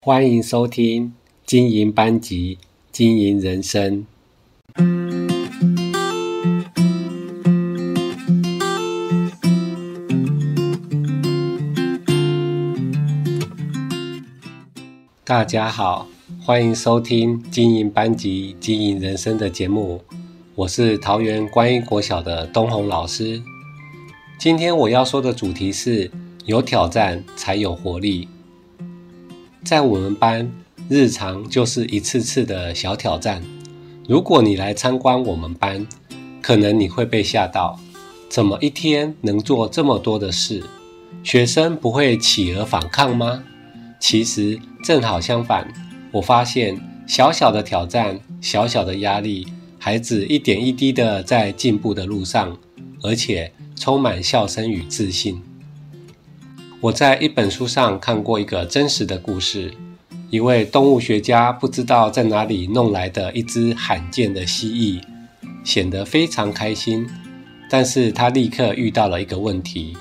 歡迎收聽《經營班級，經營人生》。大家好，歡迎收聽《經營班級，經營人生》的節目。我是桃園觀音國小的東紅老師。今天我要說的主題是：有挑戰才有活力。在我們班，日常就是一次次的小挑戰。如果你來參觀我們班，可能你會被嚇到：怎麼一天能做這麼多的事？學生不會起而反抗嗎？其實正好相反，我發現小小的挑戰、小小的壓力，孩子一點一滴的在進步的路上，而且充滿笑聲與自信。我在一本書上看過一個真實的故事，一位動物學家不知道在哪裡弄來的一只罕見的蜥蜴，顯得非常開心，但是他立刻遇到了一個問題，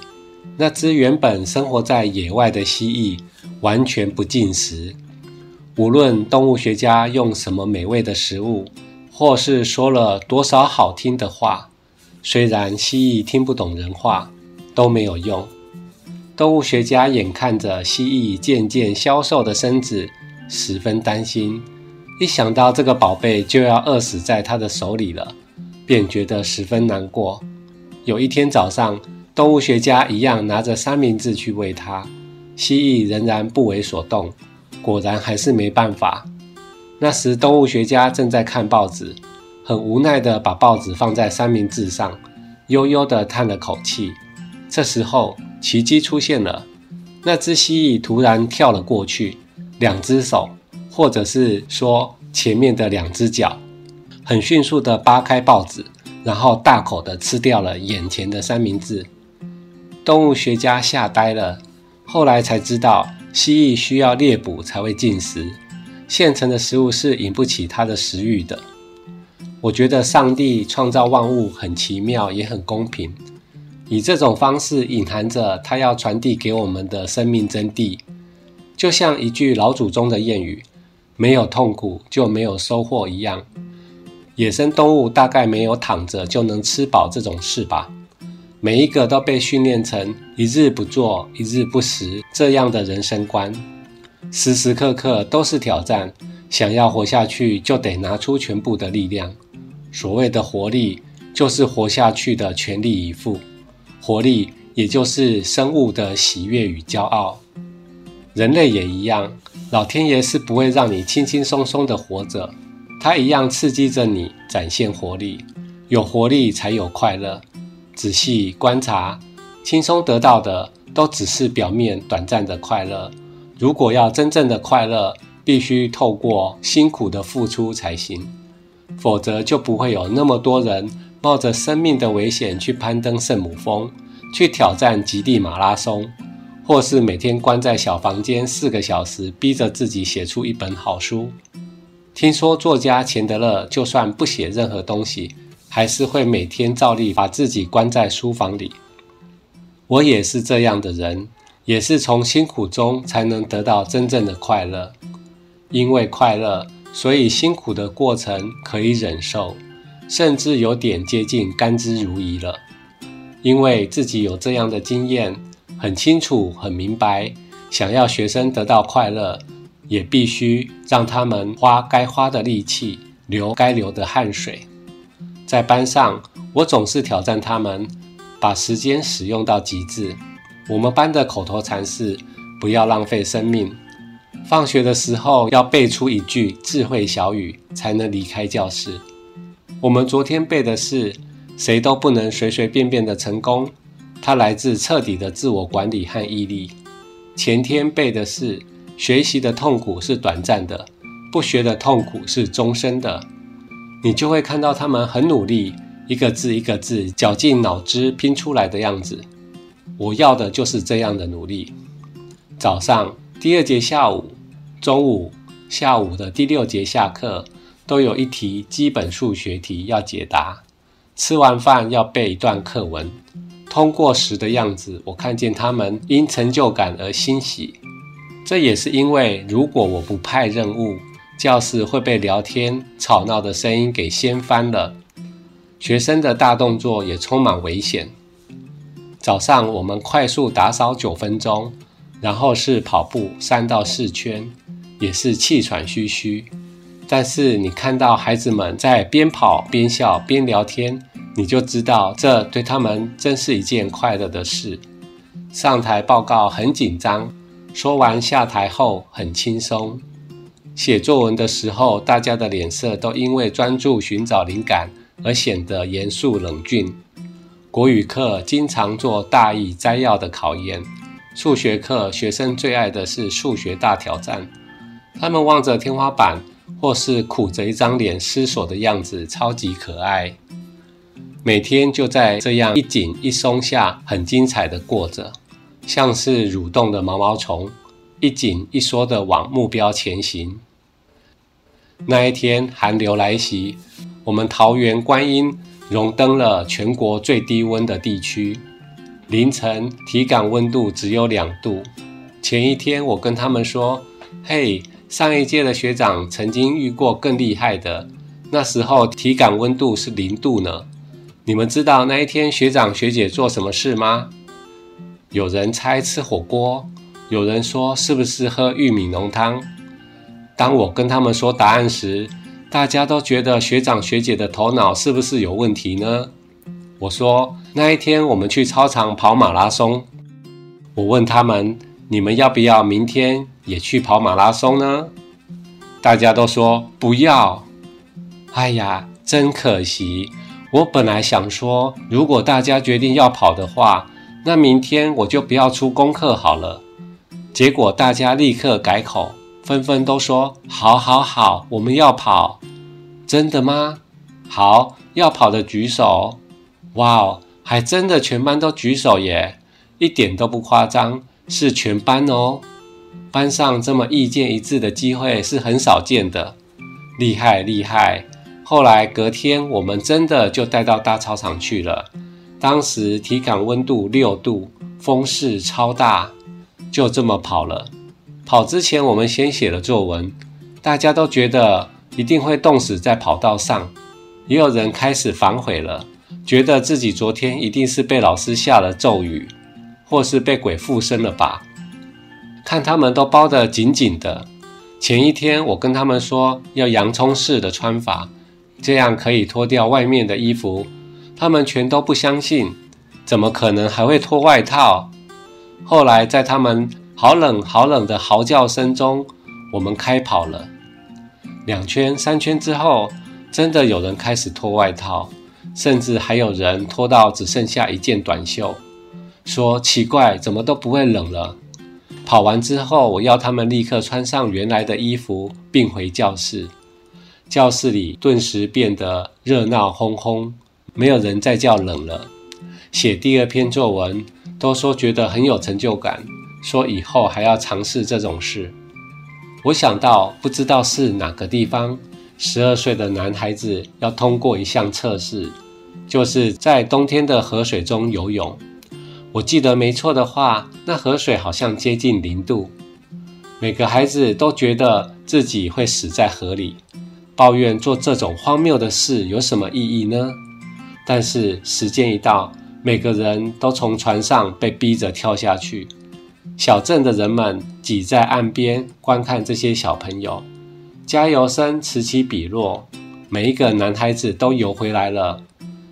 那只原本生活在野外的蜥蜴完全不進食，無論動物學家用什麼美味的食物，或是說了多少好聽的話，雖然蜥蜴聽不懂人話，都沒有用。動物學家眼看着蜥蜴漸漸消瘦的身子，十分擔心。一想到這個寶貝就要餓死在他的手裡了，便覺得十分難過。有一天早上，動物學家一樣拿着三明治去餵它，蜥蜴仍然不為所動，果然還是沒辦法。那時，動物學家正在看報紙，很無奈地把報紙放在三明治上，悠悠地嘆了口氣。這時候，奇蹟出現了，那隻蜥蜴突然跳了過去，兩隻手，或者是說前面的兩隻腳，很迅速的扒開報紙，然後大口的吃掉了眼前的三明治。動物學家嚇呆了，後來才知道蜥蜴需要獵捕才會進食，現成的食物是引不起它的食欲的。我覺得上帝創造萬物很奇妙，也很公平。以這種方式隱含着他要傳遞給我們的生命真諦，就像一句老祖宗的諺語：“沒有痛苦就沒有收穫”一樣。野生動物大概沒有躺着就能吃飽這種事吧？每一個都被訓練成“一日不做，一日不食”這樣的人生觀，時時刻刻都是挑戰。想要活下去，就得拿出全部的力量。所謂的活力，就是活下去的全力以赴。活力，也就是生物的喜悅與驕傲。人類也一樣，老天爺是不會讓你輕輕鬆鬆的活着，他一樣刺激着你展現活力，有活力才有快樂。仔細觀察，輕鬆得到的都只是表面短暫的快樂。如果要真正的快樂，必須透過辛苦的付出才行，否則就不會有那麼多人，冒着生命的危險去攀登聖母峰，去挑戰極地馬拉松，或是每天關在小房間四個小時，逼着自己寫出一本好書。聽說作家錢德勒就算不寫任何東西，還是會每天照例把自己關在書房裡。我也是這樣的人，也是從辛苦中才能得到真正的快樂。因為快樂，所以辛苦的過程可以忍受。甚至有點接近甘之如飴了，因為自己有這樣的經驗，很清楚、很明白，想要學生得到快樂，也必須讓他們花該花的力氣，流該流的汗水。在班上，我總是挑戰他們，把時間使用到極致。我們班的口頭禪是“不要浪費生命”，放學的時候要背出一句智慧小語才能離開教室。我們昨天背的是“誰都不能隨隨便便的成功，它來自徹底的自我管理和毅力。”前天背的是“學習的痛苦是短暫的，不學的痛苦是終身的。”你就會看到他們很努力，一個字一個字絞盡腦汁拼出來的樣子。我要的就是這樣的努力。早上第二節，下午中午下午的第六節下課。都有一題基本數學題要解答，吃完飯要背一段課文。通過時的樣子，我看見他們因成就感而欣喜。這也是因為，如果我不派任務，教室會被聊天、吵鬧的聲音給掀翻了。學生的大動作也充滿危險。早上我們快速打掃九分鐘，然後是跑步三到四圈，也是氣喘吁吁。但是你看到孩子們在邊跑邊笑邊聊天，你就知道這對他們真是一件快樂的事。上台報告很緊張，說完下台後很輕鬆。寫作文的時候，大家的臉色都因為專注尋找靈感而顯得嚴肅冷峻。國語課經常做大意摘要的考驗，數學課學生最愛的是數學大挑戰。他們望着天花板。或是苦着一張臉思索的樣子超級可愛，每天就在這樣一緊一鬆下很精彩的過着，像是蠕動的毛毛蟲，一緊一縮的往目標前行。那一天寒流來襲，我們桃園觀音榮登了全國最低溫的地區，凌晨體感溫度只有兩度。前一天我跟他們說：“嘿！”上一屆的學長曾經遇過更厲害的，那時候體感溫度是零度呢。你們知道那一天學長學姐做什麼事嗎？有人猜吃火鍋，有人說是不是喝玉米濃湯。當我跟他們說答案時，大家都覺得學長學姐的頭腦是不是有問題呢？我說那一天我們去操場跑馬拉松。我問他們，你們要不要明天？也去跑馬拉松呢？大家都說不要。哎呀，真可惜！我本來想說，如果大家決定要跑的話，那明天我就不要出功課好了。結果大家立刻改口，紛紛都說：“好，好，好，我們要跑。”真的嗎？好，要跑的舉手。哇哦，還真的，全班都舉手耶，一點都不誇張，是全班哦。班上這麼意見一致的機會是很少見的，厲害厲害！後來隔天我們真的就帶到大操場去了。當時體感溫度六度，風勢超大，就這麼跑了。跑之前我們先寫了作文，大家都覺得一定會凍死在跑道上，也有人開始反悔了，覺得自己昨天一定是被老師下了咒語，或是被鬼附身了吧。看他們都包得緊緊的。前一天我跟他們說要洋蔥式的穿法，這樣可以脫掉外面的衣服。他們全都不相信，怎麼可能還會脫外套？後來在他們好冷好冷的嚎叫聲中，我們開跑了。兩圈三圈之後，真的有人開始脫外套，甚至還有人脫到只剩下一件短袖，說奇怪，怎麼都不會冷了。跑完之後，我要他們立刻穿上原來的衣服，並回教室。教室裡頓時變得熱鬧哄哄，沒有人再叫冷了。寫第二篇作文，都說覺得很有成就感，說以後還要嘗試這種事。我想到，不知道是哪個地方，十二歲的男孩子要通過一項測試，就是在冬天的河水中游泳。我記得沒錯的話，那河水好像接近零度。每個孩子都覺得自己會死在河裡，抱怨做這種荒謬的事有什麼意義呢？但是時間一到，每個人都從船上被逼着跳下去。小鎮的人們擠在岸邊觀看這些小朋友，加油聲此起彼落。每一個男孩子都游回來了。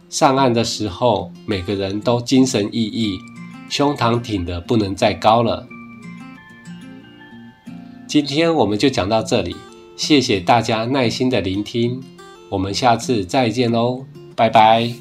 上岸的時候，每個人都精神奕奕。胸膛挺得不能再高了。今天我們就講到這裡，謝謝大家耐心的聆聽。我們下次再見嘍，拜拜。